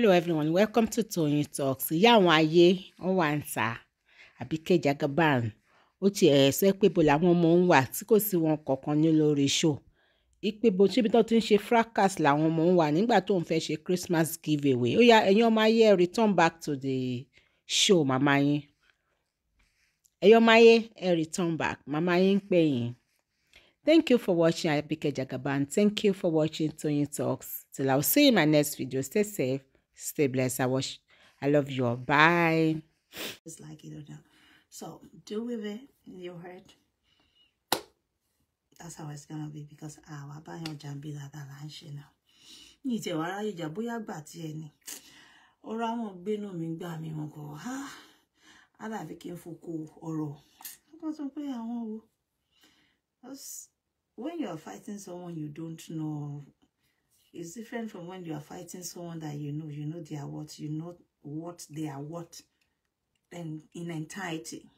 Hello everyone, welcome to Tony Talks. Ìyá àwọn ayé wọ́n wà ń ta Àbíkẹ́ Jagaban. Ó ti ẹ̀ sọ pé bo làwọn ọmọ ń wà tí kò sí wọn kọ̀ọ̀kan ní lórí show. Ìpè bo síbi tó ti ń ṣe fracas làwọn ọmọ ń wà nígbà tó ń fẹ́ ṣe Christmas giveaway. Ó yá ẹ̀yin ọmọ ayé return back to the show màmá yín. Ẹ̀yin ọmọ ayé ẹ̀ return back màmá yín ń pè yín. Thank you for watching Abike Jagaban. Thank you for watching Tony Talks. Till I will see you in my next video. Stay safe. Stay blessed. I watch. I love you all. Bye. Just like it or not. So do with it in your heart. That's how it's gonna be because àwa báyọ̀ jàǹbí dáadáa là ń You náà. Ní ìtẹ̀wọ̀ ara ìjà bóyá gbà tí ẹ ní. Ọ̀rọ̀ àwọn gbénú mi gbà mí wọn kò há. Á dàbí kí n foko ọ̀rọ̀. Wọ́n sọ pé àwọn wo. When you are fighting someone you don't know It's different from when you are fighting someone that you know, you know they are what, you know what they are what and in entirety.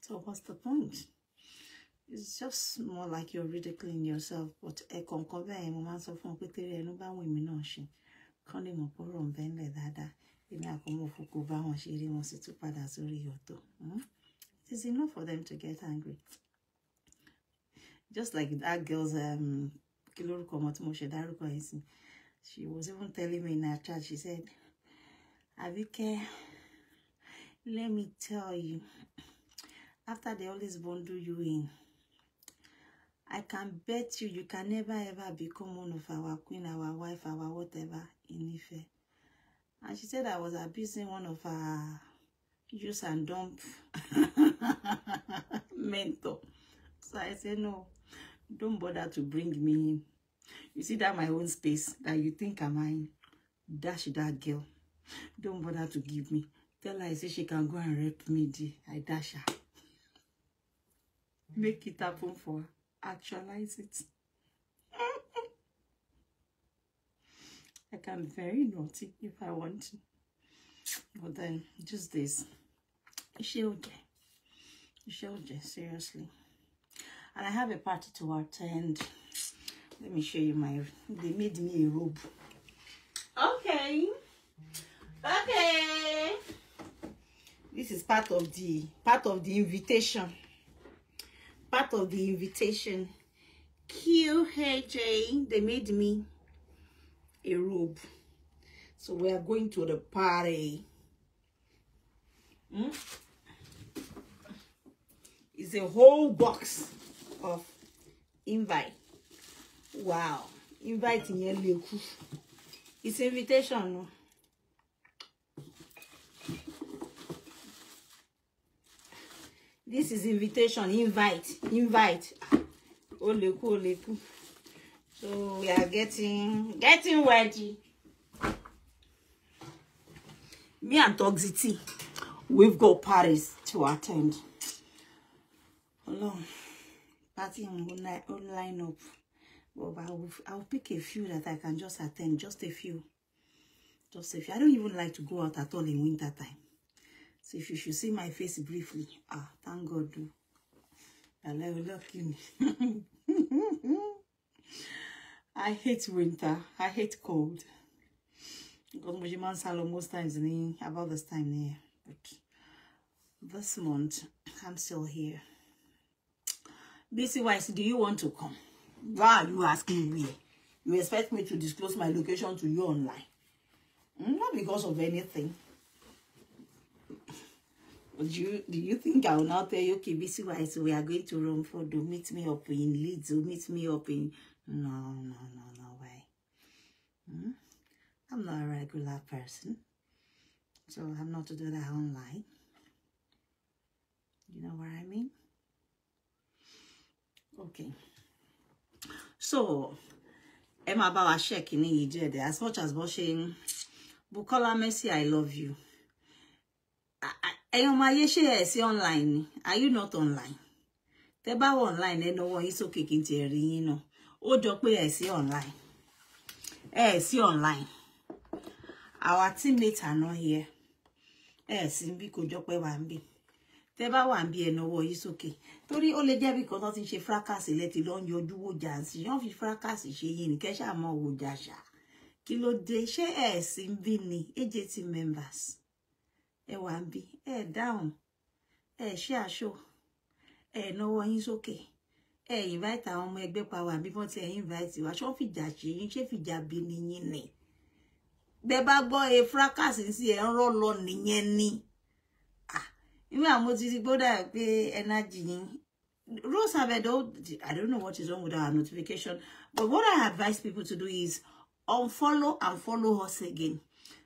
So what's the point? It's just more like you're ridiculing yourself, but ẹ̀kọ̀ nǹkan bẹ́ẹ̀ mo máa ń sọ fún ọ pé tẹ́lẹ̀ ẹnu bá wọn èmi náà ṣe kán lè mọ̀ pé ọ̀rọ̀ ń bẹ́ńlẹ̀ dáadáa èmi àkọ́mọ́ òfókò bá wọn ṣe rí wọn sì hmm? It is enough for them to get angry. Just like that girl's um, kí lórúkọ ọmọ tí mo ṣe dárúkọ yìí sí she was even telling me in her chat she said Abike let me tell you after they always bundle you in I can bet you you can never ever become one of our queen our wife our whatever in Ife and she said I was abusing one of her use and dump mentor so I said no don't bother to bring me in. You see that my own space that you think am mine. Dash that girl. Don't bother to give me. Tell her I say she can go and rape me. D. I dash her. Mm. Make it happen for her. Actualize it. I can be very naughty if I want to. But then, just this. She okay. She okay, seriously. and I have a party to attend. Let me show you my, they made me a robe. Okay. Okay. This is part of the, part of the invitation. Part of the invitation. QHJ. they made me a robe. So we are going to the party. Hmm? It's a whole box. of invite wow invite yẹn lè kú it's invitation no. this is invitation invite invite Oh ah, lè kú ó lè so we are getting getting ready me and Toxity we've got Paris to attend alone pattern online, li line up. But I will, I will pick a few that I can just attend, just a few. Just a few. I don't even like to go out at all in winter time. So if you should see my face briefly, ah, thank God. Allah will lock I hate winter. I hate cold. God Mujiman Salo most times in about this time there. But this month, I'm still here. BC Wise, do you want to come? Why are you asking me? You expect me to disclose my location to you online? Mm, not because of anything. Do you, do you think I will now tell you, okay, BC Wise, we are going to run for do meet me up in Leeds, meet me up in... No, no, no, no way. Hmm? I'm not a regular person. So I'm not to do that online. You know what I mean? okay so ẹ máa bá wa share kínní as much as bó Bukola messi i love you ẹ̀yin ọmọ ayé ṣe ẹ̀ online ni are you not online tẹ bá online ẹ náwó yín sókè kí n ti rí yín náà ó jọ pé online ẹ̀ online our teammates are not here ẹ̀ sí bí kò jọ pé wà ń tẹ bá wà ń bí ẹnà ọwọ́ yìí sókè torí ó lè jẹ́ bí kan tó ti ń ṣe fúrákàsì lẹ́tì lọ́n yọjú wòjà sí yọ́n fi fúrákàsì ṣe yìí nìkẹ́ ṣàmọ́ wòjà ṣá kí ló dé ṣé ẹ̀ sí ń bí ni AJT members ẹ wà ń bí ẹ dáhùn ẹ ṣe àṣọ ẹ náwó yín sókè ẹ invite àwọn ọmọ ẹgbẹ́ pa wà bí wọ́n ti ẹ̀ invite wá ṣé wọ́n fìjà ṣe yín ṣé fìjà bí ni yín ni bẹ́ẹ̀ bá gbọ́ ẹ fúrákàsì sí ẹ̀ ń rọ́ lọ nìyẹn ni. Yeni even amoti ti gbọ́dọ̀ pé energy yín Rose Abedo, I don't know what is wrong with our notification, but what I advise people to do is unfollow and follow us again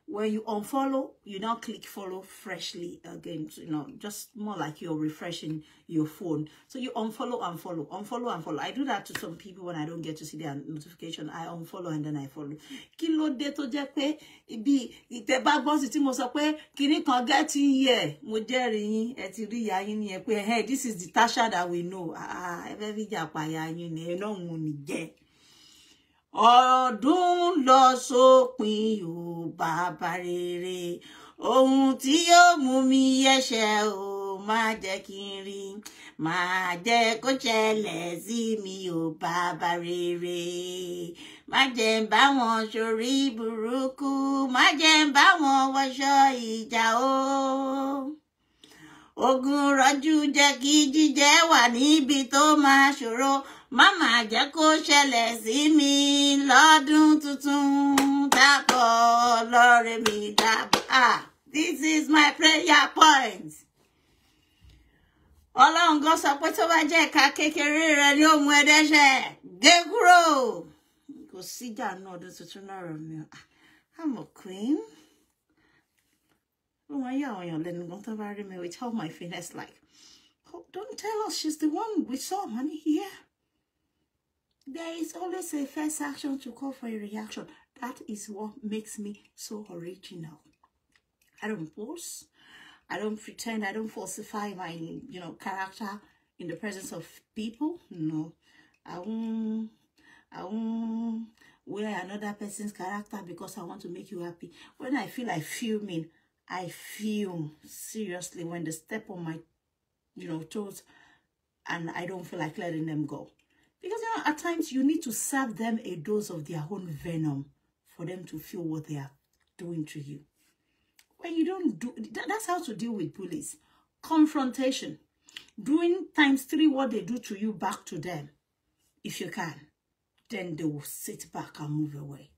when you unfollow you now click follow freshly again you know just more like you're refreshing your phone so you unfollow and follow unfollow and follow i do that to some people when i don't get to see their notification i unfollow and then i follow kí ló dé tó jẹ́ pé bí ìtẹ́ bá gbọ́n sí mo sọ pé kinní kan get in here mo jẹ́rìí yín ẹ ti rí ìyá yín ni ẹ pé hey this is the Tasha that we know ah, ah ẹ fẹ́ fi jà pààyà yín ni ẹ náà ń ọdún lọ sópin o bàbá rere ohun tí yóò mú mi yẹ̀ṣẹ̀ o má jẹ́ kí n rí má jẹ́ kó ṣẹlẹ̀ sí mi o bàbá rere má jẹ́ ń bá wọn ṣorí burúkú má jẹ́ ń bá wọn wọṣọ ìjà o ogun rọjú jẹ́ kí jíjẹ wà níbi tó máa ṣòro má máa jẹ́ kó ṣẹlẹ̀ sí mi lọ́dún tuntun dàbọ̀ lọ́rẹ́ mi dàbọ̀ ah this is my prayer point. ọlọ́run go sọ pé tó bá jẹ́ ìka kékeré rẹ ni ó mú ẹ dẹ́ṣẹ̀ gé kúrò kò síjà ní ọdún tuntun náà rẹ mi ah, i'm a queen. ó máa yà àwọn èèyàn lẹ́nu gan tó bá rí mi with my finesse like oh, don't tell us she's the one we saw honey. Yeah. There is always a first action to call for a reaction. That is what makes me so original. I don't pose. I don't pretend. I don't falsify my, you know, character in the presence of people. No, I won't. I won't wear another person's character because I want to make you happy. When I feel, like fuming, I feel seriously when they step on my, you know, toes, and I don't feel like letting them go. Because you know, at times you need to serve them a dose of their own venom for them to feel what they are doing to you. When you don't do, that, that's how to deal with bullies. Confrontation. Doing times three what they do to you back to them. If you can, then they will sit back and move away.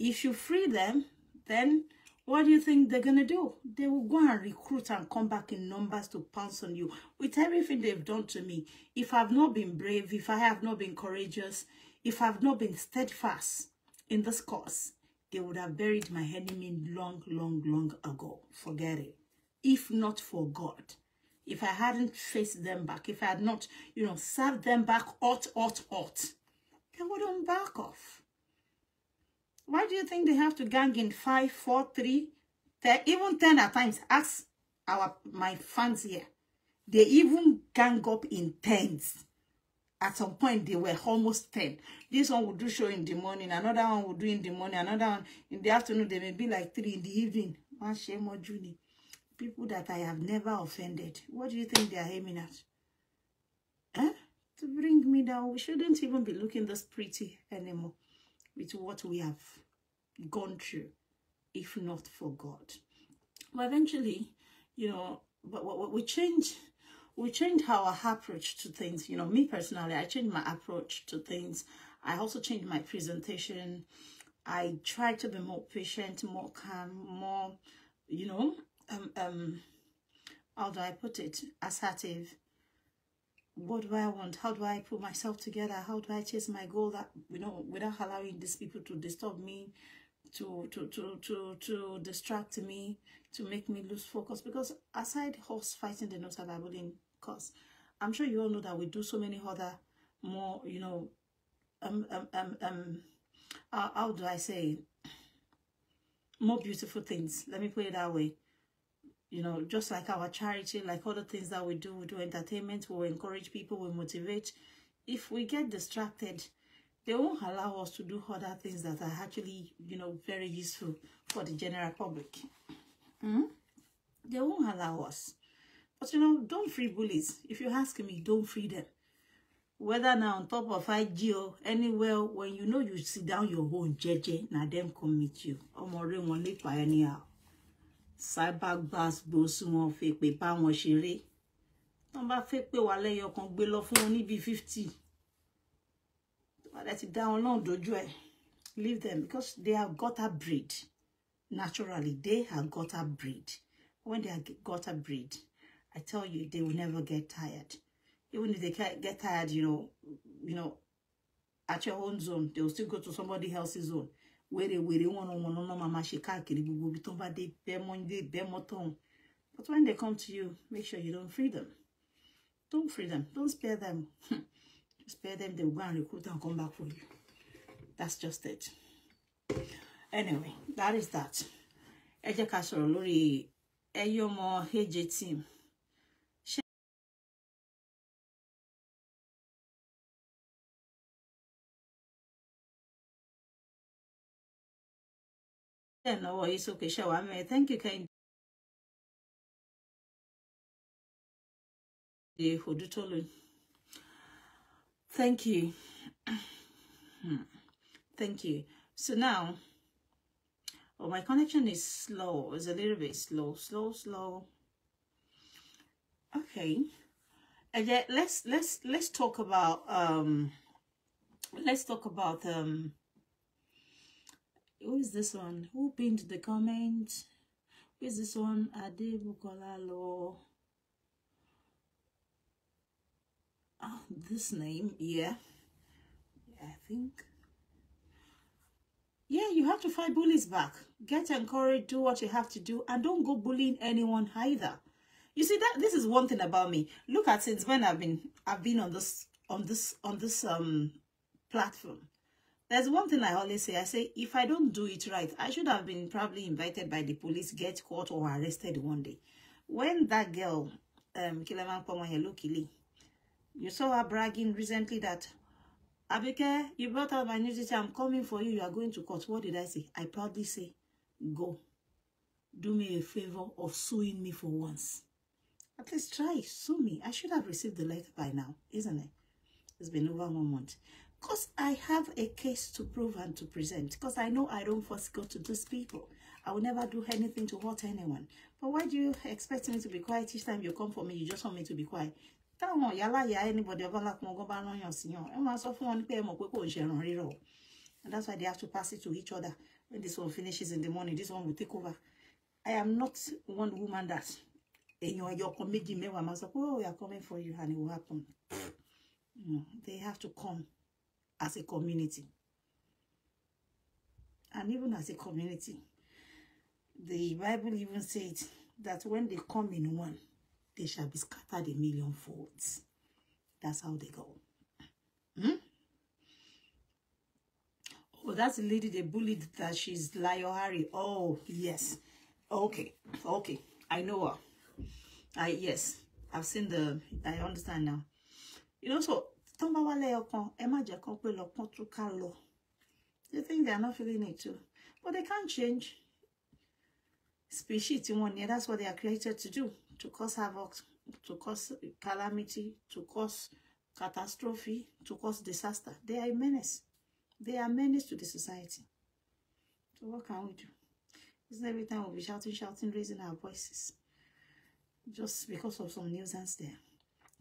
If you free them, then what do you think they're going to do? They will go and recruit and come back in numbers to pounce on you. With everything they've done to me, if I've not been brave, if I have not been courageous, if I've not been steadfast in this cause, they would have buried my enemy long, long, long ago. Forget it. If not for God, if I hadn't faced them back, if I had not, you know, served them back hot, hot, hot, they wouldn't back off. Why do you think they have to gang in five, four, three, ten, even ten at times? Ask our my fans here. They even gang up in tens. At some point, they were almost ten. This one would do show in the morning, another one would do in the morning, another one in the afternoon. They may be like three in the evening. One shame or journey. People that I have never offended. What do you think they are aiming at? Eh? To bring me down, we shouldn't even be looking this pretty anymore. with what we have gone through if not for God. But eventually, you know, but what we change we change our approach to things. You know, me personally, I changed my approach to things. I also changed my presentation. I try to be more patient, more calm, more, you know, um, um, how do I put it, assertive what do I want? How do I put myself together? How do I chase my goal that you know without allowing these people to disturb me, to to to to to distract me, to make me lose focus? Because aside horse fighting the no in cause, I'm sure you all know that we do so many other more, you know, um um um um uh, how do I say more beautiful things. Let me put it that way you know, just like our charity, like other things that we do, we do entertainment, we encourage people, we motivate. If we get distracted, they won't allow us to do other things that are actually, you know, very useful for the general public. Mm? They won't allow us. But, you know, don't free bullies. If you ask me, don't free them. Whether now on top of IGO, anywhere, when you know you sit down your own jeje, now them come meet you. Omore won't leave by anyhow. cybergbasgbos wọn fèpè bá wọn ṣeré tán bá fẹ́ pè wá lẹ́yọ kan gbé lọ fún wọn níbi fifty tó bá dẹ̀ ti dá wọn náà dojú ẹ̀ leave them because they are gutter breed naturally they are gutter breed when they are gutter breed I tell you they will never get tired even if they get tired you know you know at your own zone they will still go to somebody else's zone wèrèwèrè wọn ràn wọn lọ́nà máa ṣe káàkiri gbogbo ibi tó bá dé bẹ́mọ́ dé bẹ́mọ́ tọ̀hún but when they come to you make sure you don't free them don't free them don't spare them spare them they will go and recruit and come back for you that's just it anyway that is that ẹ jẹ́ ká sọ̀rọ̀ lórí ẹyọ́mọ ag team. lọ́wọ́ Yéṣu kì í ṣe thank you Kẹ́hìndé thank you thank you so now oh, my connection is slow it's a little bit slow slow slow okay and yet let's let's let's talk about um let's talk about um who is this one who pinned the comment who is this one Ade law oh, this name yeah i think yeah you have to fight bullies back get encouraged do what you have to do and don't go bullying anyone either you see that this is one thing about me look at since when i've been i've been on this on this on this um platform There's one thing I always say. I say, if I don't do it right, I should have been probably invited by the police, get caught or arrested one day. When that girl, um, Kileman Pomoyelu Kili, you saw her bragging recently that, Abike, you brought out my news teacher. I'm coming for you. You are going to court. What did I say? I proudly say, go. Do me a favor of suing me for once. At least try, sue me. I should have received the letter by now, isn't it? It's been over one month. Because I have a case to prove and to present. Because I know I don't first go to these people. I will never do anything to hurt anyone. But why do you expect me to be quiet each time you come for me? You just want me to be quiet. Táwọn yálàyà anybody ọba lápọ̀ngọ́ bá rán yàn síyàn. Ẹ máa sọ fún wọn pé ẹ mọ̀ pé kò ń ṣẹ̀ràn rírọ̀. And that's why they have to pass it to each other. When this one finishes in the morning, this one will take over. I am not one woman that èèyàn ẹyọ ọkọ méjì mẹ́wàá máa sọ pé oh we are coming for you and it will happen. No, they have to come as a community. And even as a community, the Bible even said that when they come in one, they shall be scattered a million folds. That's how they go. Hmm? Oh, that's the lady they bullied that she's Layo Harry. Oh, yes. Okay. Okay. I know her. I yes. I've seen the I understand now. You know, so tó bá wá lẹ́yọkan ẹ má jẹ́ kán pé lọ́pọ́n tún ká lọ you think they are not feeling it too but they can't change species tí wọ́n ní that's what they are created to do to cause havoc to cause calamity to cause catastrophe to cause disaster they are a menace they are menace to the society so what can we do isn't every time we'll be shouting shouting raising our voices just because of some nuisance there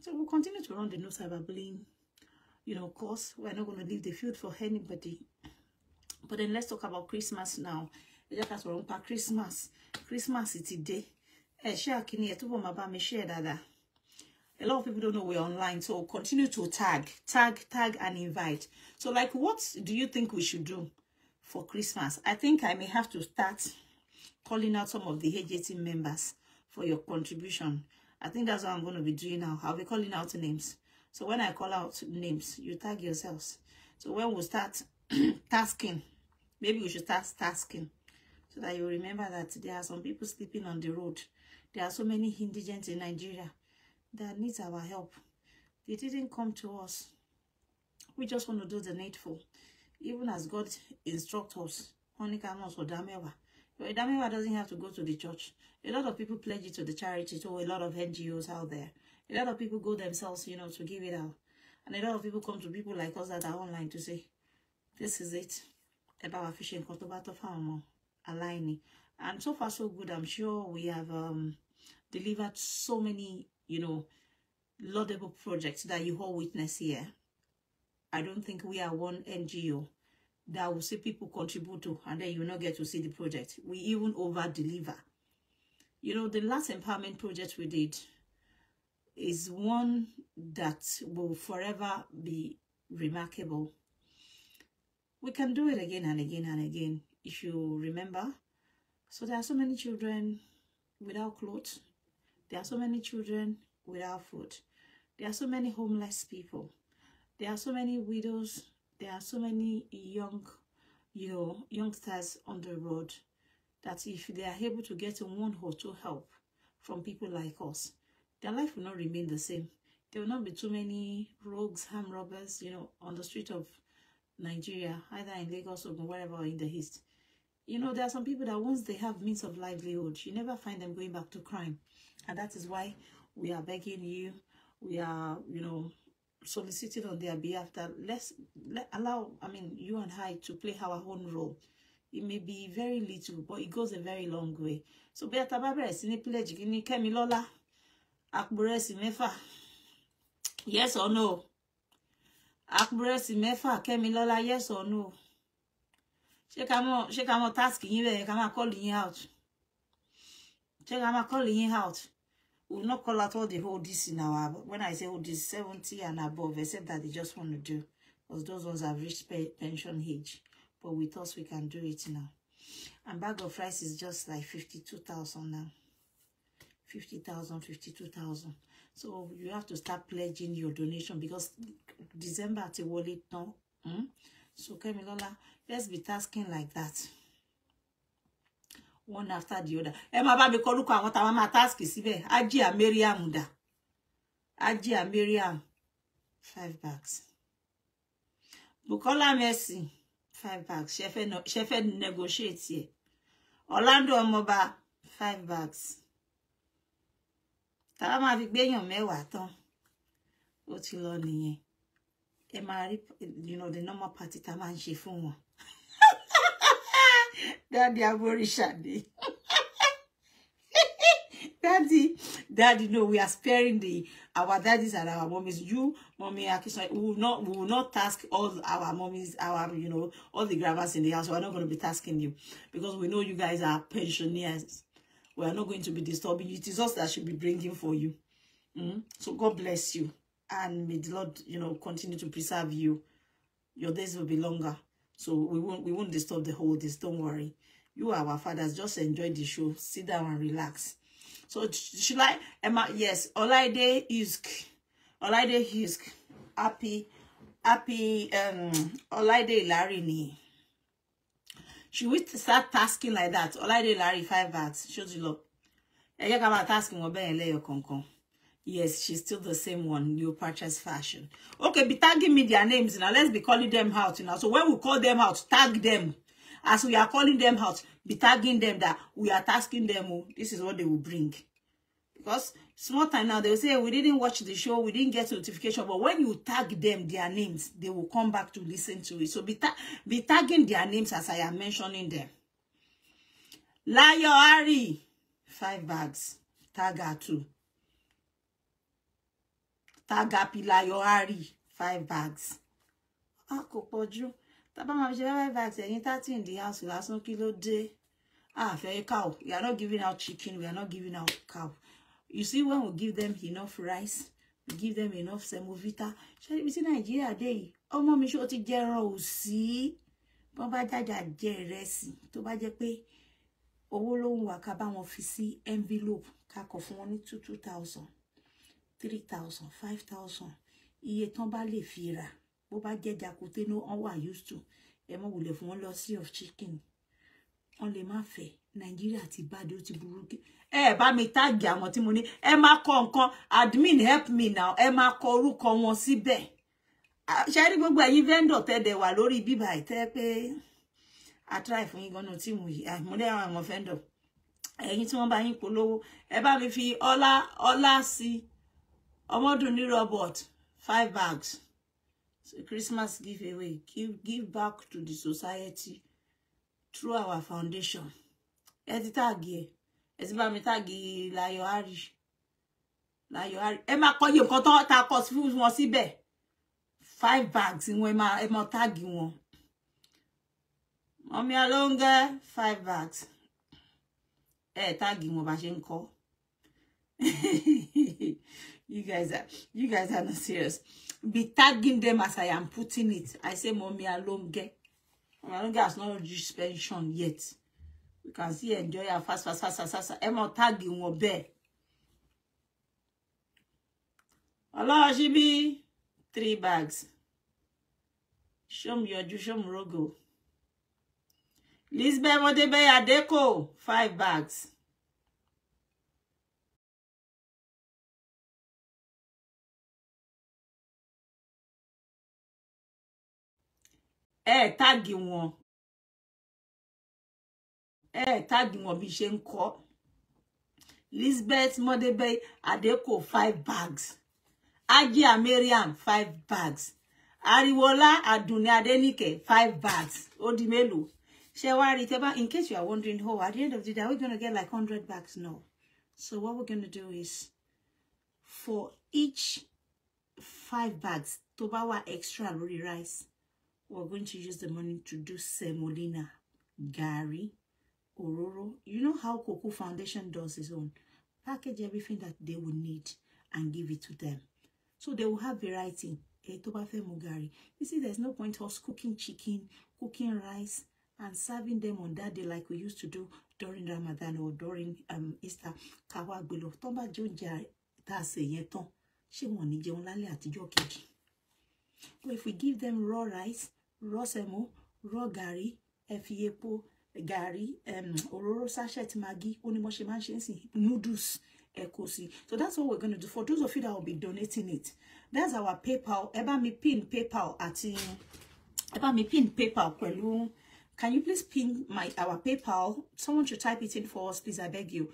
so we'll continue to run the no cyberbullying you know, of course, we're not going to leave the field for anybody. But then let's talk about Christmas now. Ẹ jẹ́ ká sọ̀rọ̀ nípa Christmas. Christmas is dé. Ẹ share kíni ẹ túbọ̀ máa bá share dáadáa. A lot of people don't know we're online, so continue to tag, tag, tag and invite. So like what do you think we should do for Christmas? I think I may have to start calling out some of the AJT members for your contribution. I think that's what I'm going to be doing now. I'll be calling out names. So when I call out names, you tag yourselves. So when we start tasking, maybe we should start tasking so that you remember that there are some people sleeping on the road. There are so many indigents in Nigeria that needs our help. They didn't come to us. We just want to do the needful. Even as God instructs us, Onikamos or Damewa. Your Damewa doesn't have to go to the church. A lot of people pledge it to the charity, to a lot of NGOs out there. A lot of people go themselves, you know, to give it out. And a lot of people come to people like us that are online to say, this is it. About fishing Kotobato aligning. And so far, so good. I'm sure we have um, delivered so many, you know, laudable projects that you all witness here. I don't think we are one NGO that will see people contribute to and then you not get to see the project. We even over deliver. You know, the last empowerment project we did, is one that will forever be remarkable. We can do it again and again and again, if you remember. So there are so many children without clothes. There are so many children without food. There are so many homeless people. There are so many widows. There are so many young, you know, youngsters on the road that if they are able to get one or two help from people like us, their life will not remain the same. There will not be too many rogues, ham robbers, you know, on the street of Nigeria, either in Lagos or wherever or in the East. You know, there are some people that once they have means of livelihood, you never find them going back to crime. And that is why we are begging you, we are, you know, soliciting on their behalf that let's let, allow, I mean, you and I to play our own role. It may be very little, but it goes a very long way. So, Beata Barbara, Sini Pledge, Kemi Lola, àpòrẹsì mẹ́fà yes or no àpòrẹsì mẹ́fà Kẹ́milọ́lá yes or no ṣé ká mọ ṣé ká mọ task yín bẹ́ẹ̀ ká máa call yín out ṣé ká máa call yín out we will not call out all the whole this in when I say whole this seventy and above except that they just want to do because those ones have reached pension age but with us we can do it now and bag of rice is just like fifty two thousand now. 50,000, 52,000. So you have to start pledging your donation because December àti wọlé tán. Hmm? So Kemilola, let's be tasking like that. One after the other. Ẹ máa bá mi kọ orúkọ àwọn táwọn sibe. task síbẹ̀. Ajia Mariam dà. Ajia Mariam. Five bags. Bukola Mercy. Five bags. no, fẹ́ negotiate yẹ. Orlando Moba, Five bags tàbá máa fi gbéyàn mẹ́wàá tán ó ti lọ nìyẹn ẹ máa rí you know the normal party tá máa ń ṣe fún wọn dáàdi aboríṣàdé dáàdi dáàdi no we are sparing the our daddies and our mummies you mummy akishan we will not we will not task all our mummies our you know all the grandmas in the house we are not going to be tasking you because we know you guys are pensioners We are not going to be disturbing you. It is us that should be bringing for you. Mm? So God bless you. And may the Lord, you know, continue to preserve you. Your days will be longer. So we won't, we won't disturb the whole days. Don't worry. You are our fathers. Just enjoy the show. Sit down and relax. So should I, Emma, yes, Olaide Isk. Olaide Isk. Happy, happy, um, Olaide Larini she will start tasking like that All I Ọláìdé Larry five bats ṣojú lọ ẹ jẹ́ ká máa task wọn bẹ́ẹ̀ lẹ́yọ kọ̀ọ̀kan yes she's still the same one purchase fashion okay be tagging me their names now let's be calling them out now so when we call them out tag them as we are calling them out be tagging them that we are tasking them oh this is what they will bring Because small time now, they'll say, we didn't watch the show, we didn't get notification. But when you tag them, their names, they will come back to listen to it. So be, ta be tagging their names as I am mentioning them. Layo Ari, five bags. Tag her too. Tag Happy Layo Ari, five bags. Ah, kò pọ̀jù. Taba ma je five bags, ẹ̀yin 30 in the house, Last kí ló dé. Ah, fẹ́ cow. We are not giving out chicken, we are not giving out cow you see when we give them enough rice we give them enough semovita ṣé ibi tí nàìjíríà dé yìí ọmọ mi ṣé Jero see. jẹran ò sí wọn bá jájà jẹ ìrẹsì tó bá jẹ envelope ká kọ fún wọn two thousand three thousand five thousand iye tán bá lè fi rà bó bá jakute ní wọn used to Emo mọ wulẹ̀ fún wọn of chicken On lè má fẹ́ nàìjíríà ti bàdé ó ti burú kí ẹ bá mi táàgì àwọn tí mo ní ẹ máa kọ nǹkan admin help me now ẹ máa kọ orúkọ wọn síbẹ̀ ṣe rí gbogbo ẹ̀yin vendor tẹ́dẹ̀ wà lórí bíbà ìtẹ́ pé àtúráì fún yín ganan tí mo yí àmúlẹ̀ àwọn vendor ẹ̀yin tí wọ́n bá yín polówó ẹ bá mi fi ọlá ọlá sí ọmọdún ní robot five bags so Christmas giveaway give, give back to the society through our foundation ẹ ti táàgì ẹ ẹ ti bá mi táàgì Láyọ̀ Harry Láyọ̀ Harry ẹ máa kọyé nǹkan tó ta kọ sí wọn síbẹ̀ five bags wọn ẹ máa táàgì wọn ọmọ alóńgẹ five bags ẹ táàgì wọn bá ṣe ń kọ you guys are you guys are not serious be tagging them as I am putting it I say mommy alóńgẹ mommy alóńgẹ has not reached pension yet we can see enjoy her fast fast fast fast fast ẹ mọ táàgì wọn bẹ́ẹ̀ ọlọ́ọ̀ṣíbí three bags Show me your ṣóòmù rògò lisbeth mọdébẹyà dẹkọ five bags. Eh táàgì wọn ẹ táàgì wọn bí ṣe ń Lisbeth Modebe Adeko five bags Ajia Mariam five bags Ariwola Adunni Adenike five bags ó di mélòó ṣe in case you are wondering oh at the end of the day are we gonna get like hundred bags no so what we're gonna do is for each five bags to bá extra lórí rice we're going to use the money to do semolina Gary. Ororo. You know how Cocoa Foundation does its own. Package everything that they will need and give it to them. So they will have variety. Mugari. You see, there's no point us cooking chicken, cooking rice, and serving them on that day like we used to do during Ramadan or during um, Easter. Kawa gbelo, tó bá jẹ oúnjẹ tá a sè yẹn tán, But if we give them raw rice, raw semo, raw gari, ẹ gàrí Ororo, sachet maggi ó ní wọ́n ṣe máa ń ṣe ń sìn noodles ẹ sí so that's what we're gonna do for those of you that will be donating it that's our paypal ẹ bá mi pin paypal àti ẹ bá mi pin paypal pẹ̀lú can you please pin my our paypal someone should type it in for us please i beg you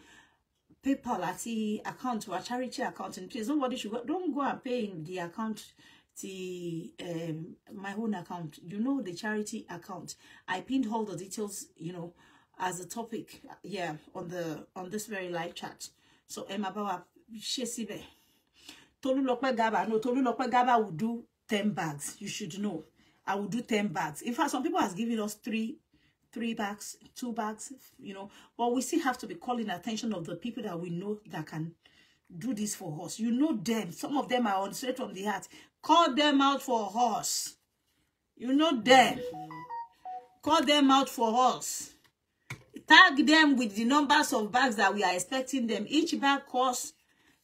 paypal àti account our charity account and please nobody should go don't go and pay in the account the um, my own account you know the charity account i pinned all the details you know as a topic yeah on the on this very live chat so emma bawa shesibe lokwa gaba no Tolu lokwa gaba will do ten bags you should know i will do ten bags in fact some people has given us three three bags two bags you know but we still have to be calling attention of the people that we know that can do this for us. You know them. Some of them are on straight from the heart. Call them out for us. You know them. Call them out for us. Tag them with the numbers of bags that we are expecting them. Each bag costs,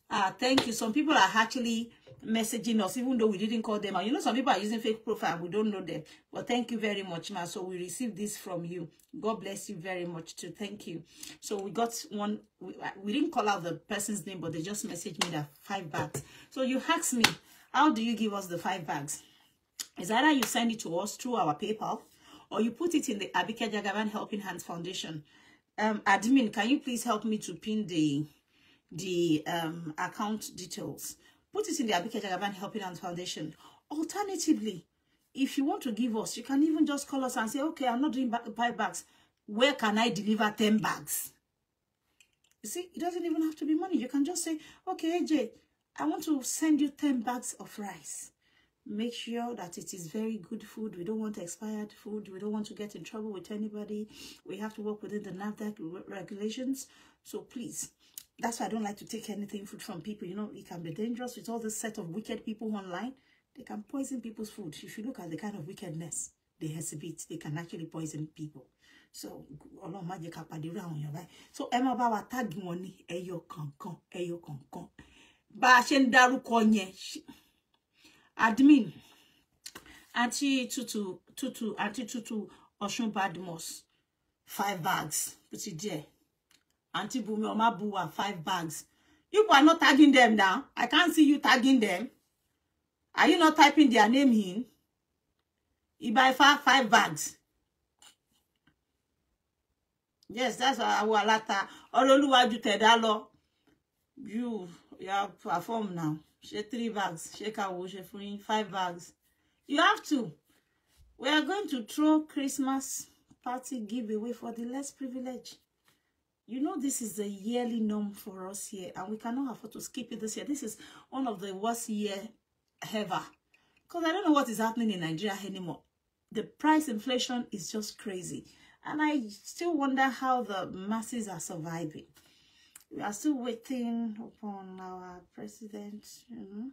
uh, thank you. Some people are actually messaging us, even though we didn't call them out. You know, some people are using fake profile. We don't know them. But thank you very much, ma. So we received this from you. God bless you very much, too. Thank you. So we got one. We, we didn't call out the person's name, but they just messaged me that five bags. So you asked me, How do you give us the five bags? Is either you send it to us through our PayPal or you put it in the Abike Jagaban Helping Hands Foundation. Um, admin, can you please help me to pin the the um, account details? Put it in the Abike Jagaban Helping Hands Foundation. Alternatively, if you want to give us, you can even just call us and say, okay, I'm not doing five bags. Where can I deliver 10 bags? You see, it doesn't even have to be money. You can just say, okay, AJ, I want to send you 10 bags of rice. Make sure that it is very good food. We don't want expired food. We don't want to get in trouble with anybody. We have to work within the NAFDAC regulations. So please, that's why I don't like to take anything food from people. You know, it can be dangerous with all this set of wicked people online. They can poison people's food. If you look at the kind of wickedness they exhibit, they can actually poison people. So, Ọlọ́run má jẹ́ ká pàdé irú So, Emma má bá wa táàgì wọn ní ẹyọ kọ̀ọ̀kan, ẹyọ kọ̀ọ̀kan bá a ṣe ń admin Anti Tutu Tutu Anti Tutu Ọ̀ṣun Badmos, five bags bó ti jẹ́ àǹtí Bùnmi ọmọ buwa five bags You are not tagging them now I can't see you tagging them are you not typing their name in buy five five bags yes that's our alata ọ̀rọ̀ Olúwa ju you you have performed now ṣe three bags ṣe kàwọ ṣe fún yín five bags you have to we are going to throw Christmas party giveaway for the less privileged you know this is the yearly norm for us here and we cannot afford to skip it this year this is one of the worst year ever because I don't know what is happening in Nigeria anymore the price inflation is just crazy and I still wonder how the masses are surviving we are still waiting upon our president, you know,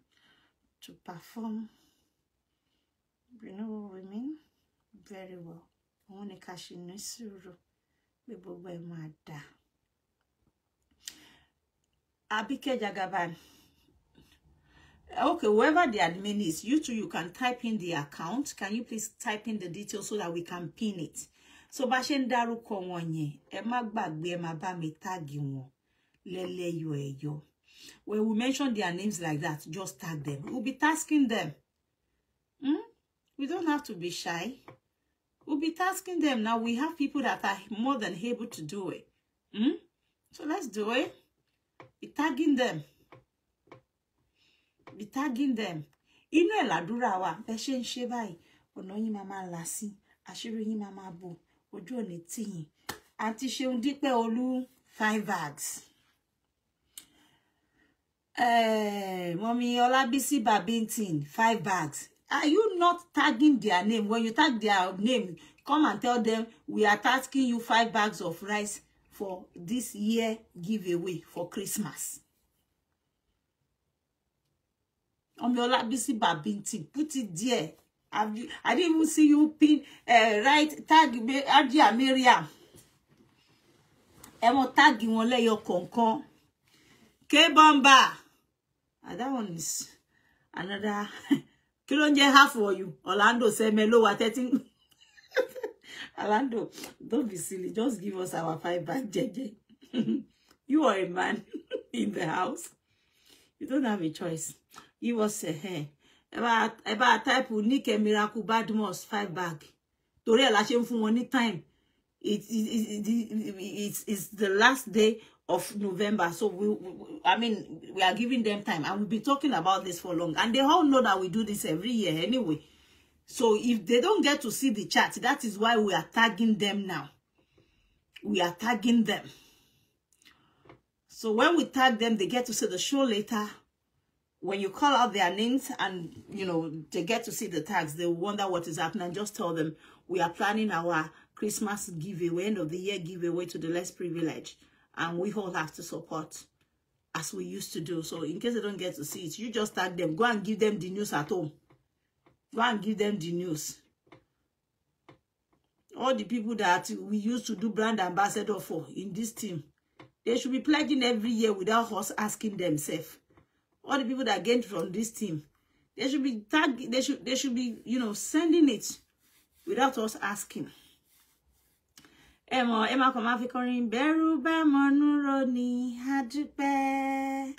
to perform, you know what we mean, very well. Àwọn ni ká ṣe ní sùúrù pé gbogbo ẹ̀ máa dà. Abike Jagaban. Okay, whoever the admin is, you two, you can type in the account. Can you please type in the details so that we can pin it? So bá ṣe ń dárúkọ wọn yẹn, ẹ má gbàgbé ẹ Leleyoeyo. When we mention their names like that, just tag them. We'll be tasking them. Hmm? We don't have to be shy. We'll be tasking them. Now we have people that are more than able to do it. Hmm? So let's do it. Be tagging them. Be tagging them. Inú ẹ̀ làdúrà wa bẹ́ ṣe ń ṣe báyìí. Ọ̀nà yín máa máa là sí. Àṣírí yín máa máa bò. Ojú ò ní five bags uh, Mommy Olabisi Babintin, five bags. Are you not tagging their name? When you tag their name, come and tell them, we are tasking you five bags of rice for this year giveaway for Christmas. Mommy Olabisi Babintin, put it there. I didn't even see you pin, uh, right, tag Adia Miriam. Ẹ mọ táàgì wọn lẹ́yọ kọ̀ọ̀kan. K-Bomba. Uh, that one is another. Kí ló ń half for you. Orlando Say Semelo wa 13. Orlando, don't be silly. Just give us our five back, JJ. You are a man in the house. You don't have a choice. Give us a hair. about a type nick Nike Miracle Badmus five bag. To ẹ̀ la for ń fún wọn ní time. It, it, it, it, it's, it's the last day of November. So we, we, I mean, we are giving them time, and we'll be talking about this for long. And they all know that we do this every year anyway. So if they don't get to see the chart, that is why we are tagging them now. We are tagging them. So when we tag them, they get to see the show later. When you call out their names and, you know, they get to see the tags, they wonder what is happening. Just tell them we are planning our Christmas giveaway, end of the year giveaway to the less privileged. and we all have to support as we used to do. So in case they don't get to see it, you just tag them. Go and give them the news at home. Go and give them the news. All the people that we used to do brand ambassador for in this team, they should be pledging every year without us asking themselves. All the people that gained from this team, they should be tag they should they should be, you know, sending it without us asking ẹ mọ̀ ẹ máa kàn máa fi kọrin bẹ́rù bá mọ́nú ro ni adúpẹ́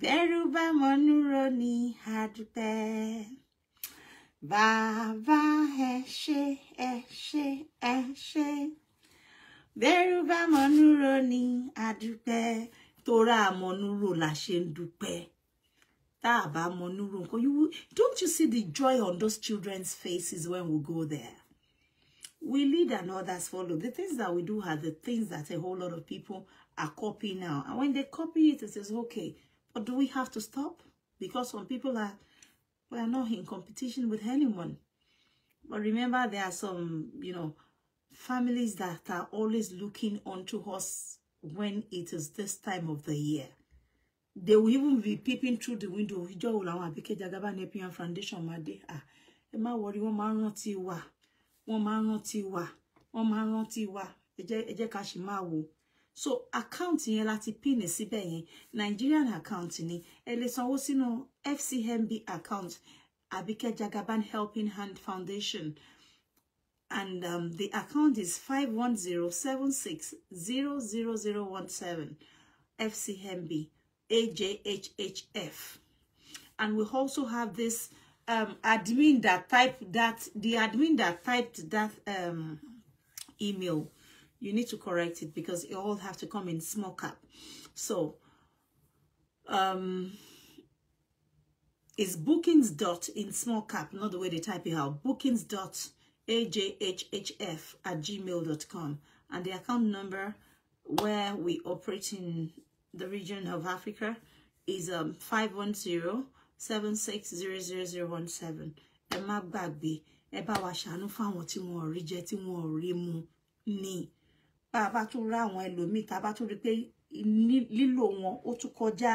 bẹ́rù bá mọ́nú ro ni adúpẹ́ bàbá ẹ ṣé ẹ ṣé ẹ ṣé bẹ́rù bá mọ́nú ro ni adúpẹ́ tóra àmọ́nú ro la ṣe ń dúpẹ́ tá a bá mọ́nú ro nǹkan you don't you see the joy on those children's faces when we go there. We lead and others follow. The things that we do are the things that a whole lot of people are copying now. And when they copy it, it says, okay, but do we have to stop? Because some people are, we are not in competition with anyone. But remember, there are some, you know, families that are always looking onto us when it is this time of the year. They will even be peeping through the window. Ah, worry, wọ́n máa ń rántí wa wọ́n máa rántí wa ẹ jẹ́ ká sì máa wò so account yẹn láti pin síbẹ̀ yẹn Nigerian account ni ẹ lè sanwó sínú FCMB account Abike Jagaban Helping Hand Foundation and um, the account is five one zero seven six zero zero zero one seven FCMB AJHHF and we also have this um, admin that typed that, the admin that typed that um, email, you need to correct it because it all have to come in small cap. So, um, it's bookings dot in small cap, not the way they type it out, bookings dot ajhhf at gmail.com and the account number where we operate in the region of Africa is um, 510 seven six zero zero zero one wa ṣàánú fáwọn tí wọn ò rí jẹ tí wọn ò mu ní bá a bá tún rá àwọn ẹlòmíì tá a bá tún rí pé lílò wọn ó tún kọjá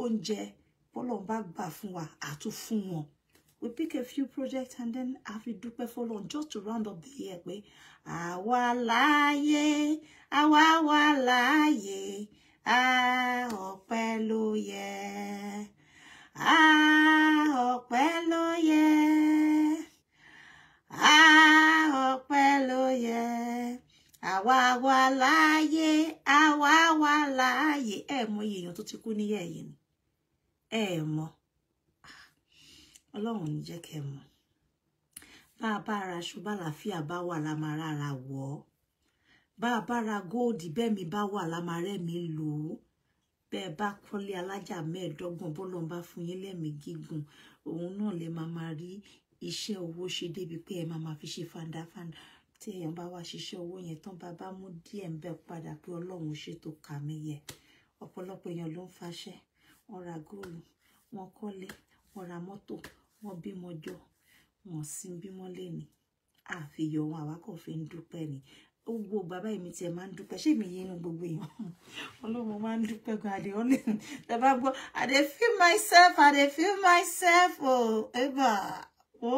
oúnjẹ bọ́lọ́n bá wa àtún fún wọn. we pick a few projects and then a fi dúpẹ́ fọlọ́n just to round up the year pé àwa láàyè àwa wà láàyè a ọpẹ́ ló yẹ a ọpẹ́ ló yẹ a ọpẹ́ ló yẹ àwa wà láàyè àwa wà láàyè ẹ mọ iye èèyàn tó ti kú níyà yìí ni ẹ mọ Ọlọ́run ò ní jẹ́ kẹ́ mọ̀ bá a bá ara aṣọ làáfíà bá wà la máa rárá wọ̀ ọ́ bá a bá ra góòdì bẹ́ẹ̀ mi bá wà la máa rẹ́ mi lò bẹ́ẹ̀ bá kọ́lé alájà mẹ́ẹ̀ẹ́dọ́gbọ̀n bọ́lọ́n bá fún yín lẹ́mìí gígùn òun náà lè máa máa rí iṣẹ́ owó ṣe débi pé ẹ máa máa fi ṣe fandafanda tí èèyàn bá wá ṣiṣẹ́ owó yẹn tán bá bá mú díẹ̀ ń bẹ padà pé ọlọ́run ṣètò kà mí yẹ ọ̀pọ̀lọpọ̀ èèyàn ló ń faṣẹ́ wọ́n ra góòlù wọ́n kọ́lé wọ́n ra mọ́tò wọ́n bímọ jọ wọ́n sin bímọ lẹ́ni àfihàn wọn fi ń dúpẹ́ ni gbogbo bàbá èmi tiẹ̀ máa ń dúpẹ́ ṣé èmi yìí inú gbogbo èèyàn ọlọ́run máa ń dúpẹ́ gan adé ọ́n lè tẹ́bá gbọ́ i dey feel myself i dey feel myself o Eva. o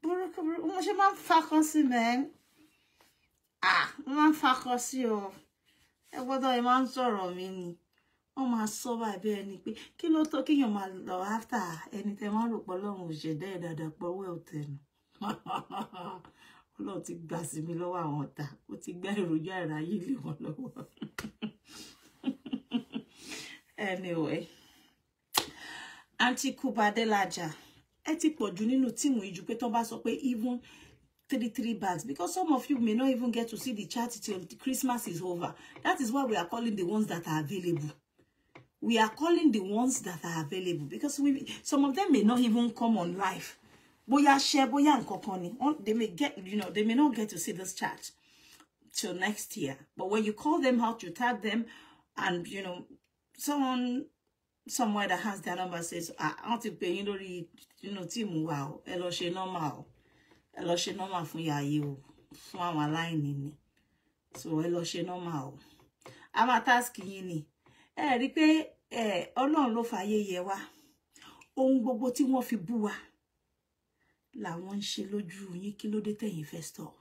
burúkú burúkú mo ṣe máa ń fakọ́ sí mẹ́rin ah mo máa ń fakọ́ sí o ẹ gbọ́dọ̀ ẹ máa ń sọ̀rọ̀ mi ni wọ́n máa sọ báyìí bí ẹni pé kí ló tó kíyàn máa lọ áfítà ẹni tẹ́ máa ń rò pọ́ lọ́run òṣèdá ẹ̀ dáadáa pọ̀ wẹ́ẹ̀ tẹ̀nu ọlọ́run ti gbà sí mi lọ́wọ́ àwọn ọ̀tá ó ti gbá èròjà ìráyè lé wọn lọ́wọ́ anyway aunty Kuba Adelaja ẹ ti pọ̀ jù nínú tíìmù yìí ju pé tán bá sọ pé even three three bags because some of you may not even get to see the chat till the Christmas is over that is why we are calling the ones that are available we are calling the ones that are available because we, some of them may not even come on live Boya share Boya nǹkan kan they may get you know they may not get to see this chat till next year but when you call them out you tag them and you know someone somewhere that has their number says ah wọn ti pè yín you know team wow. o she normal. ṣe she normal for lọ ṣe nọ́mà fún yàyé o so ẹ she normal. I'm o a máa táàsì yín eh ẹ no i pé ye ló fàyè yẹ wá ohun fi bú làwọn ń ṣe lójú yín kí ló dé tẹ̀yìn fẹ́ stop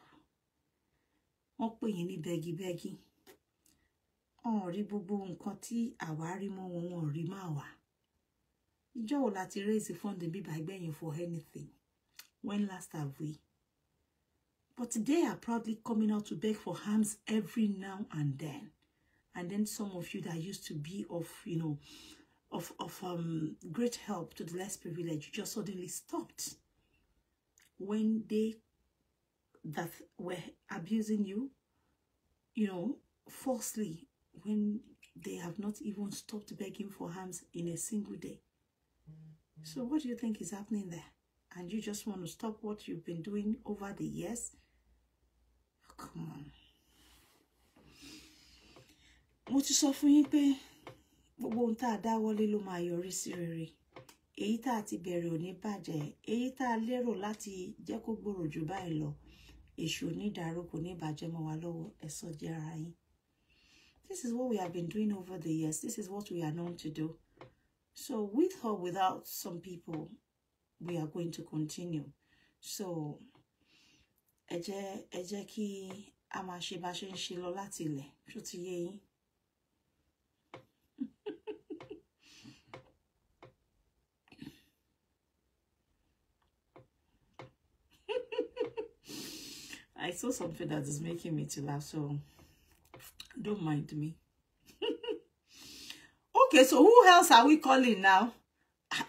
wọ́n pè yín ní bẹ́gibẹ́gi wọn ò rí gbogbo nǹkan tí àwa rí mọ́ wọn wọn ò rí má wà ìjọ wo láti raise fund bíbá gbẹ̀yìn for anything when last have we but today I proudly coming out to beg for hands every now and then and then some of you that used to be of you know of of um, great help to the less privileged you just suddenly stopped. when they that were abusing you, you know, falsely, when they have not even stopped begging for hands in a single day. So what do you think is happening there? And you just want to stop what you've been doing over the years? Oh, come on. Mo suffering? sọ fún pé ló máa yọrí sí èyí tá a ti bẹ̀rẹ̀ ò bàjẹ́ èyí tá a lérò láti jẹ́ kó gbòòrò jù báyìí lọ èṣù onídàárò kò mọ́ wa lọ́wọ́ ẹ jẹ́ ara yín. This is what we have been doing over the years. This is what we are known to do. So with or without some people, we are going to continue. So ẹ jẹ́ ẹ jẹ́ kí a máa ṣe bá ṣe ń ṣe lọ láti ilẹ̀ tó ti yé yín. I saw something that is making me to laugh, so don't mind me. Okay, so who else are we calling now?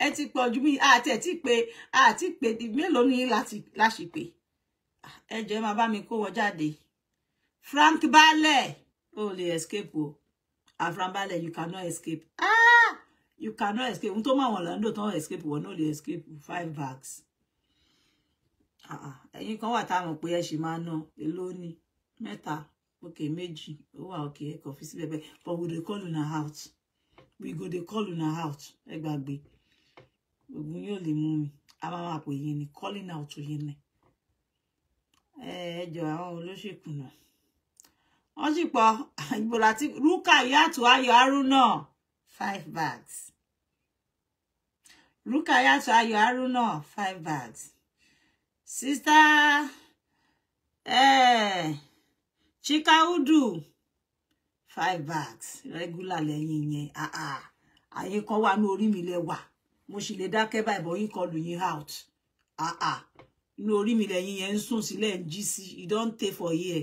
Ẹ ti pọ̀ jù mí, àti ẹ̀ ti pé, àti pé, mélòó ní láti pé? Ẹ jẹ́ mi kó wọ Frank Bale. o lè escape o. Ah, Frank Balẹ̀, you cannot escape. Ah, you cannot escape. Ohun tó máa wọ̀n escape, wọ́n no lè escape five bags. Ah, ah. ẹ̀yin kan wà táwọn pé ẹ ṣì máa ná èló ni mẹ́ta òkè méjì ó wà ẹ fi sí bẹbẹ but we dey call una out we go dey call una out ẹ gbàgbé ogun yóò lè mú mi a máa máa ni calling out yín ni ẹ jọ àwọn olóṣèkù náà wọ́n sì pọ̀ ìbò láti rúkà yàtọ̀ ayọ̀ arúnà five bags rúkà five bags. sister eh, chikaudu five bags regular lẹ́yìn yẹn ah ah àyín kan wà ní orí mi lẹ́wà mo sì lè dákẹ́ báyìí bọ́ yín kan lù yín out ah ah inú orí mi lẹ́yìn yẹn ń sùn sílẹ̀ ń jí sí i don tey for here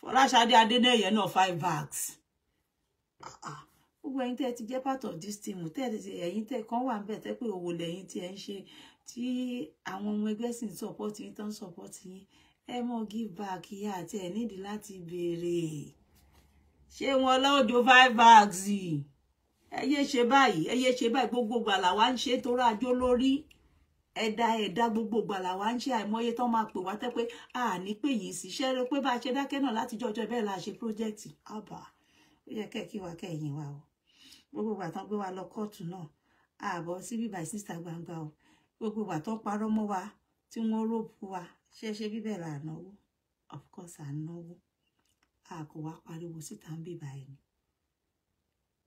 Fọláṣadé Adédèyẹ náà five bags ah ah gbogbo ẹ̀yin tẹ́ ti jẹ́ part of this team tẹ́ ẹ̀yin tẹ́ kan wà ń bẹ̀ tẹ́ pé òwò lẹ́yìn tí ẹ ń ṣe tí àwọn ọmọ ẹgbẹ́ sì ń sọpọ́tì yín tán sọpọ́tì yín ẹ mọ́ give back yá àti ẹ̀ nídìí láti béèrè ṣé wọn lọ́dọ̀ five bags ẹ yé ṣe báyìí ẹ yé ṣe báyìí gbogbo gbàlà wa ń ṣe torí ajó lórí ẹ̀dá ẹ̀dá gbogbo gbàlà wa ń ṣe àìmọye tán máa pè wá tẹ́ pé a ní pè yín sí ṣẹ́ rẹ pé bá a ṣe dákẹ́ náà láti jọjọ́ bẹ́ẹ̀ la ṣe pírójẹ́kìtì àbá ó yẹ kẹ́ kí wa kẹ́yìn wa o gbogbo gbàtàn gbé wa lọ kóòtù náà àbọ̀ síbí by sísà gbangba o gbogbo ìgbà tó parọ́ mọ́ wa tí wọ́n rògbò wa ṣe ṣe bíbẹ̀ là náwó of course à náwó a kò wá pariwo síta ń bèbà ẹ̀ ni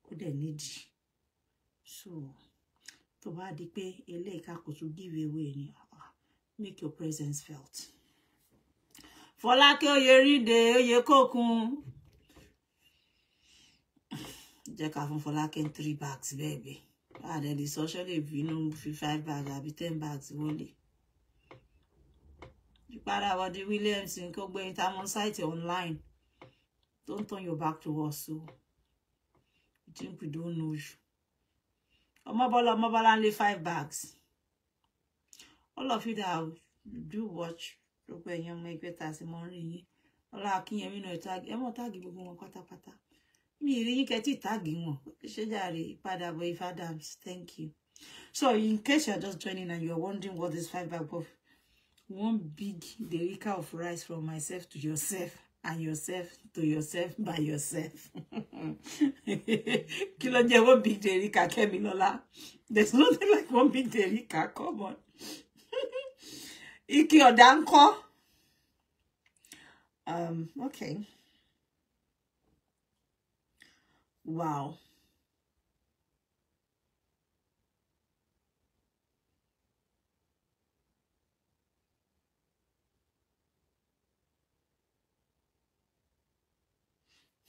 ó dẹ̀ nídìí so tó bá di pé eléyìíká kò tún give away ni ah, make your presence felt. Fọlákẹ́ Oyèrìndé Oyèkókun jẹ́ ká fún Fọlákẹ́ three bags bẹ́ẹ̀ bẹ́ẹ̀. And then the àdẹ̀lẹ̀ if you know, fi five bags be ten bags only. You wọlé ìpadà the Williams in kó gbé ìtamọ̀ sáìtì online don't turn your back to us so. you think we don't know you A mobile, ọmọbọlá mobile only five bags all of you that do watch gbogbo ẹ̀yin ọmọ ẹgbẹ́ ta sí mọ́ ń rí yín ọlá akínyẹmí náà tag, mọ̀ táàgì gbogbo quarter, pátápátá mi rí yín kẹtí ìtàgé wọn ṣé jàre ìpadàbọ̀ If Adams thank you so in case you are just joining and you are wondering what this five bag of one big derica of rice from myself to yourself and yourself to yourself by yourself kí ló jẹ́ one big derica Kẹ́mi Lọ́lá there's nothing like one big derica come on ike ọ̀dà ń kọ́ um okay. Wow.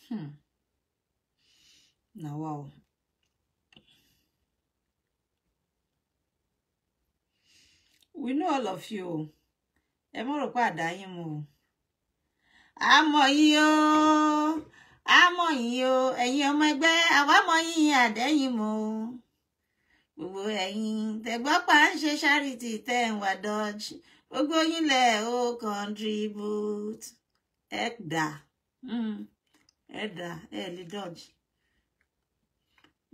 Hmm. Now, wow. We know all of you. Ẹ yi rò a yín o ẹ̀yin ọmọ ẹgbẹ́ àwámọ̀ yín àdẹ́yìn mọ́ o gbogbo ẹ̀yin tẹ̀gbọ́pà ń ṣe charity tẹ̀ ń wá dodge gbogbo yín lẹ̀ ó contribute ẹ dà hmm, ẹ dà lè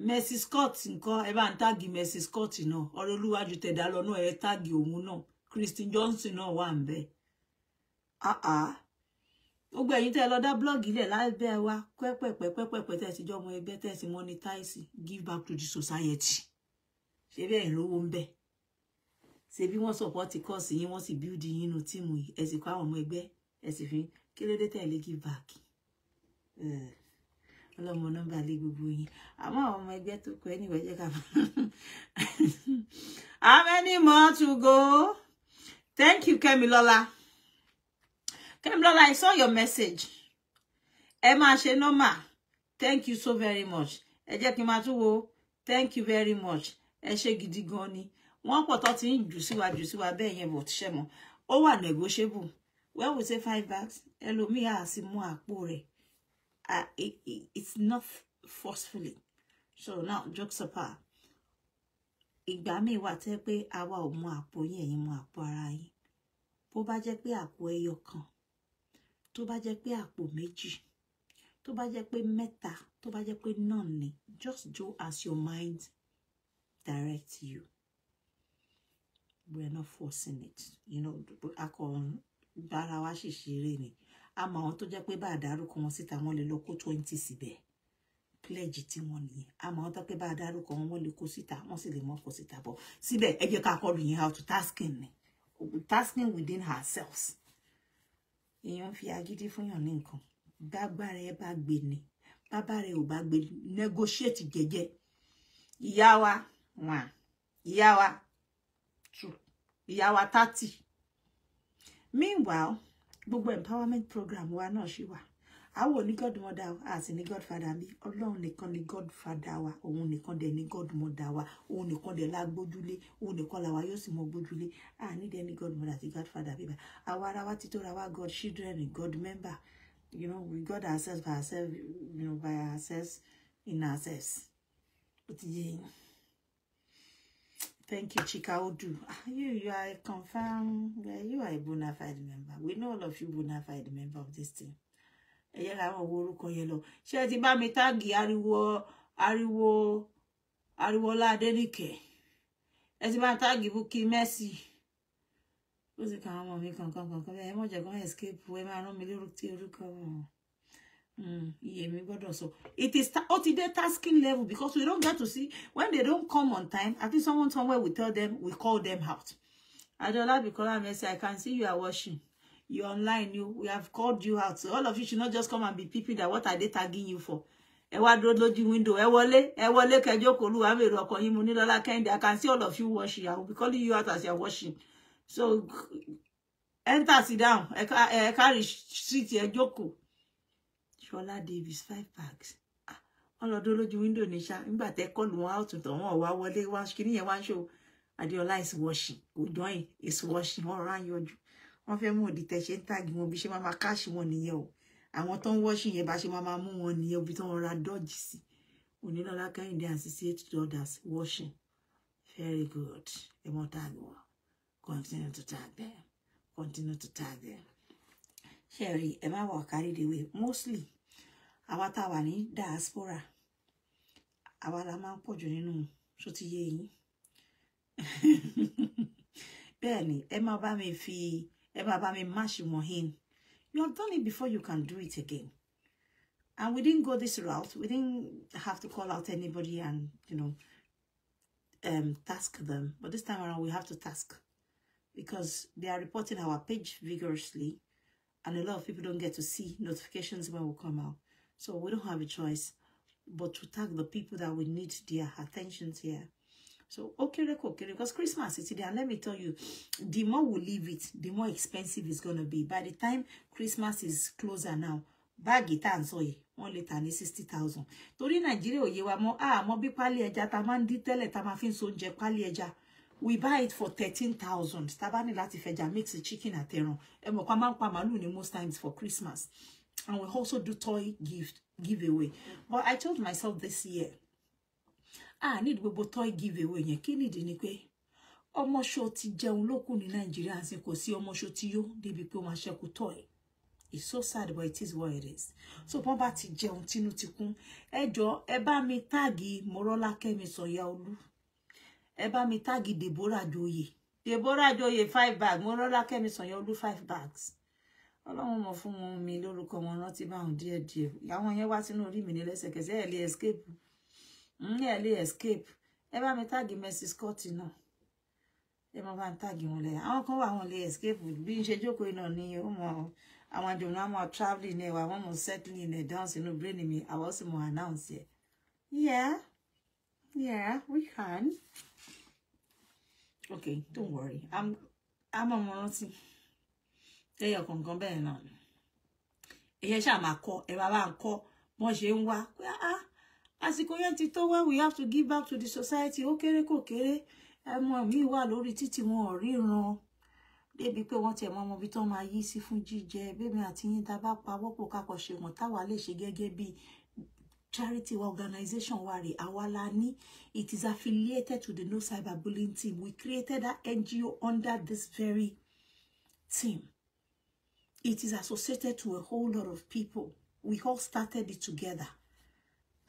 Mercy Scott nǹkan ẹ bá ń Mercy Scott náà olúwájú ẹ gbogbo ẹ̀yin tẹ́ lọ dá blọ́ọ̀gì lẹ̀ lábẹ́ wa pẹ́pẹ́pẹ́pẹ́pẹ́ tẹ́ ti jọmọ ẹgbẹ́ tẹ́ ti monetize give back to the society ṣé bẹ́ẹ̀ lówó ń bẹ̀ ṣe bí wọ́n support cause. yín wọ́n sì build yín inú tíìmù yìí ẹ sì kọ́ àwọn ọmọ ẹgbẹ́ ẹ sì fi kí ló dé tẹ̀lé give back ọlọ́mọ nọ́mbà lé gbogbo yín àmọ́ àwọn ọmọ ẹgbẹ́ tó kọ ẹnìwẹ̀ jẹ́ ká how many more to go thank you Kẹ́milọ́lá. Kemilola, I saw your message. Emma, máa ṣe normal. Thank you so very much. Ẹ jẹ́ Thank you very much. Ẹ ṣé gidi gan ni. Wọ́n pọ̀ tó ti ń jù sí wa jù sí wa bẹ́ẹ̀ negotiable. Where we say five bags, ẹlòmíì á sì mú àpò rẹ̀. It's not forcefully. So now jokes apart. Ìgbà míì wà tẹ́ pé àwa ò mú àpò yín ẹ̀yin mú àpò ara yín. Bó bá jẹ́ pé àpò ẹyọ kan tó bá jẹ́ pé àpò méjì tó bá jẹ́ pé mẹ́ta tó bá jẹ́ pé none ni just do as your mind direct you we are not forcing it you know akọrin bára wa ṣèṣeré ni àmọ́ àwọn tó jẹ́ pé bá àdárúkọ wọn síta wọ́n lè lọ kó twenty síbẹ̀ pledge tí wọ́n nìyẹn àmọ́ àwọn tó pé bá àdárúkọ wọn wọ́n lè kó síta wọ́n sì lè mọ́ kó síta bọ̀ síbẹ̀ ẹ jẹ́ ká kọ́ lu yẹn how to tasking ni tasking within ourselves èèyàn fi agídí fúnyàn ní nǹkan gbágbára ẹ bá gbé ni bàbá rẹ ò bá gbé negotiate jẹ́jẹ́ ìyá wa one ìyá wa two ìyá wa thirty meanwhile gbogbo empowerment program wa náà ṣì wà àwọ ní godmother wa àti ní godfather bí ọlọ́run nìkan ni godfather wa òun nìkan dẹ̀ ní godmother wa òun nìkan dẹ̀ la gbójúlé òun nìkan làwa yóò sì mọ gbójúlé àní dẹ̀ ní mother, àti godfather bíbá àwa ara wa ti tóra wa god children god member you know we god ourselves by ourselves you know by ourselves in ourselves ó ti yé yín. Thank you, Chika Odu. Ah, you, you are a confirmed. You are a bona fide member. We know all of you bona fide member of this team ẹ yára àwọn orúkọ yẹn lọ ṣé ti bá mi táàgì ariwo ariwo ariwoọlá adẹnìkẹ ẹ ti bá mi táàgì bukki mercy ó ti kàn àwọn mi kankan kankan ẹ mọ jẹ kàn escape ẹ máa rán mi lórúkọ orúkọ wọn hmm, iye mi gbọ́dọ̀ sọ it is ó ti dé tasking level because we don't get to see when they don't come on time at least someone somewhere we tell them we call them out Adeola Bikola Mercy I can see you are watching You online you we have called you out so all of you should not just come and be people. that what are they tagging you for ẹ wá do lójú window ẹ wọlé ẹ wọlé kẹjọ kò lù wá mèrè ọkàn yín mo ní lọlá kẹhìndé i can see all of you washing. i will be calling you out as you are washing. so enter sit down ẹ carry street ẹ jókòó Shola davis five bags ah, ọlọdún lójú window ní ṣá nígbà tẹ call wọn out tọ wọn wá wọlé wá kí nìyẹn wá ń ṣó adéọlá is washing kò join is washing all around yọjú wọ́n fẹ́ mú òdì tẹ̀ ṣe ń tàgì wọn bí ṣe máa káàṣì wọn nìyẹn o àwọn tó ń wọ́ṣì yẹn bá ṣe máa mú wọn nìyẹn bí tó ń ra dọ́ọ̀jì sí onílọ́lá kẹ́hìndé and sixty eight dollars washing very good ẹ mọ́ tàgì wọn continue to tag them continue to tag them ṣẹ́ẹ̀rì ẹ má wà carry the way mostly àwa tá a wà ní diaspora àwa la máa ń pọ̀jù nínú ṣó ti yé yín bẹ́ẹ̀ ni ẹ má bá mi fi. ẹ bá bá mi you have done it before you can do it again and we didn't go this route we didn't have to call out anybody and you know um, task them but this time around we have to task because they are reporting our page vigorously and a lot of people don't get to see notifications when we come out so we don't have a choice but to tag the people that we need their attentions here So, okay, okay, because Christmas is today. And let me tell you, the more we leave it, the more expensive it's going to be. By the time Christmas is closer now, bag it and ń sọ yìí wọ́n lè tà ní sixty thousand torí nàìjíríà ò yé wa mọ́ àmọ́ bí pálí ẹja tá a máa ń dín tẹ́lẹ̀ tá a we buy it for thirteen thousand tá a bá ní chicken àtẹran ẹ mọ̀ pa máa ń pa most times for christmas and we also do toy gift giveaway but i told myself this year a nídìí gbogbo toy giveaway yẹn kí nìdí ni pé ọmọṣọ ti jẹun lókù ní nàìjíríà àti kò sí ọmọṣọ tí yó débi pé wọn aṣẹkù toy it's so sad but it is what it is so wọn bá ti jẹun tínú ti kún ẹ jọ ẹ bá mi táàgì mọrọlá kẹmi sọyà olú ẹ bá mi táàgì deborah joyè deborah joyè five bags mọrọlá kẹmi sọyà olú five bags ọlọ́run mọ̀ fún wọn mi lórúkọ wọn rántí báwọn díẹ̀díẹ̀ àwọn yẹn wá sínú orí mi ní lẹ́sẹ̀kẹsẹ̀ ẹ̀ lè escape ẹ lè escape ẹ bá mi táàgì Mercy Scott náà ẹ máa bá ń táàgì wọn lẹ àwọn kan wà wọn lè escape bí n ṣe jókòó iná ni ó mọ àwọn àjòyìn àwọn travelling ní ẹwà wọn mọ settling ẹ down sínú brain mi àwọn sì mọ announce ẹ yeah yeah we can okay don't worry i'm i'm a rántí ẹyọ kọ̀ọ̀kan bẹ́ẹ̀ náà ẹ̀yẹ ṣáà máa kọ́ ẹ bá bá ń kọ́ bọ́n ṣe ń wá pé ah, ah àsìkò yẹn ti tó we have to give back to the society ó kéré kò kéré ẹmọ mi wà lórí títì wọn ò ríran débi pé wọ́n tiẹ̀ mọ ọmọ ibi tó máa yí sí fún jíjẹ bẹ́ẹ̀mi àti yín tá a bá pawọ́pọ̀ kakọ̀ ṣe wọ̀n táwa lè ṣe gẹ́gẹ́ bí charity organization wa rè àwa la it is affiliated to the no cyberbullying team we created that NGO under this very team it is associated to a whole lot of people we all started it together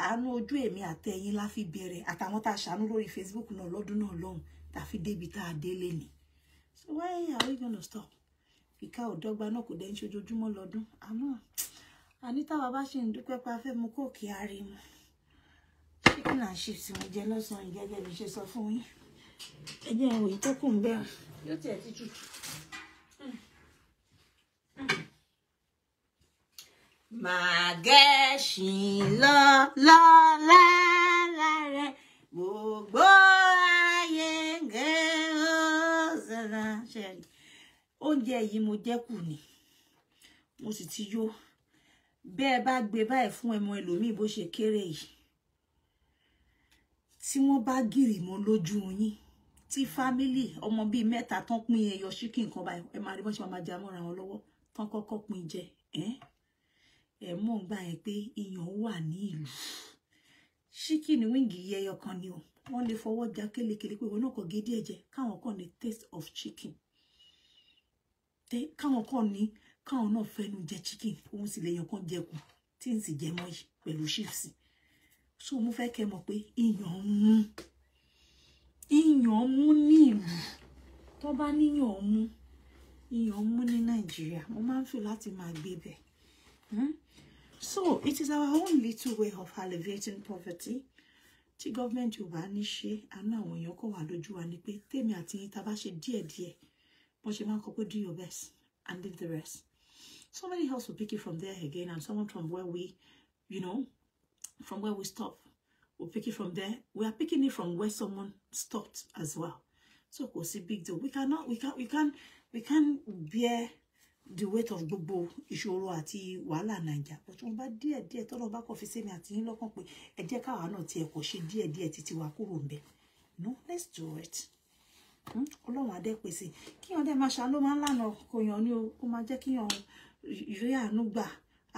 àánú ojú èmi àtẹ̀yin la fi bẹ̀rẹ̀ àtàwọn tá a ṣàánú lórí Facebook náà lọ́dún náà lọ́hùn tá a fi débi tá a dé lé ni so why are we gonna stop ìka ọ̀dọ́gba náà kò dẹ́n ṣojoojúmọ́ lọ́dún àmọ́ ànítàwà bá ṣe ń dúpẹ́ pa fẹ́ mu kóòkì ààrẹ mu chicken and chips mo jẹ lọ́sàn-án gẹ́gẹ́ bí ṣe sọ fún yín ẹ̀jẹ̀ ìwòye tó kù ń bẹ̀rẹ̀ yóò tiẹ̀ ti tutù. máa gẹ̀ẹ́sìn lọ lọ lára rẹ̀ gbogbo ayé ń gé ọ̀sẹ̀lá ṣẹ̀rì. oúnjẹ yìí mo jẹ kù ni mo sì ti yó bẹ́ẹ̀ bá gbé báyìí fún ẹmọ ẹlòmíì bó ṣe kéré yìí tí wọ́n bá gìrì mọ́ lójú yín tí fámílì ọmọ bíi mẹ́ta tán pín ẹyọ ṣíkì nǹkan báyìí ẹ máa rí bọ́n ṣe máa já mọ́ra wọn lọ́wọ́ tán kọ́kọ́ pín jẹ Eh? ẹ mọ̀ ń gbà yẹn pé iyàn wà ní ìlú ṣíkìnì wíńgì yẹyọ kan ni o wọ́n lè fọwọ́ já kélekèle pé wọn náà kọ gédé ẹ̀jẹ̀ káwọn kàn ní taste of chicken káwọn kàn ní káwọn náà fẹnu jẹ chicken òun sì lèèyàn kan jẹ kù tí n sì jẹ mọ́ yìí pẹ̀lú chips so mo fẹ́ kẹ́ mọ̀ pé iyàn mú iyàn mú ní ìlú tó bá níyàn mú iyàn mú ní nàìjíríà mo máa ń fẹ́ láti máa gbé bẹ̀. Hmm? so it is our own little way of alleviating poverty tí government you bá ní and now when èèyàn kò wà lójú wa ni pé tèmi dear, yín ta bá ṣe díẹ̀díẹ̀ do your best and leave the rest somebody else will pick it from there again and someone from where we you know from where we stop will pick it from there we are picking it from where someone stopped as well so kò sí big deal we cannot we can't, we can't, we can't bear the weight of gbogbo ìṣòro àti wàhálà nàìjà but wọn bá díẹ̀ díẹ̀ tọ́lọ́ bá kọ́ fi sẹ́mi àti yín lọ́kàn pé ẹ jẹ́ káwa náà tiẹ̀ kọ́ ṣe díẹ̀ díẹ̀ títí wa kúrò ń bẹ̀ no let's do it hmm? ọlọ́run adé pèsè kíyàn dẹ́ máa ṣàló máa ń lànà kòyàn ni ó máa jẹ́ kíyàn rí àánú gbà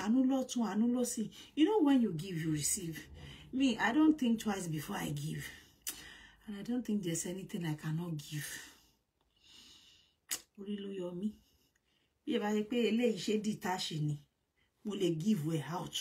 àánú lọ́tún àánú lọ́sìn you know when you give you receive me i don't think twice before i give and i don't think there's anything i cannot give orí ló yọ mí bí ẹ bá ṣe pé eléyìí ṣe dìtáṣì ni mo lè give way out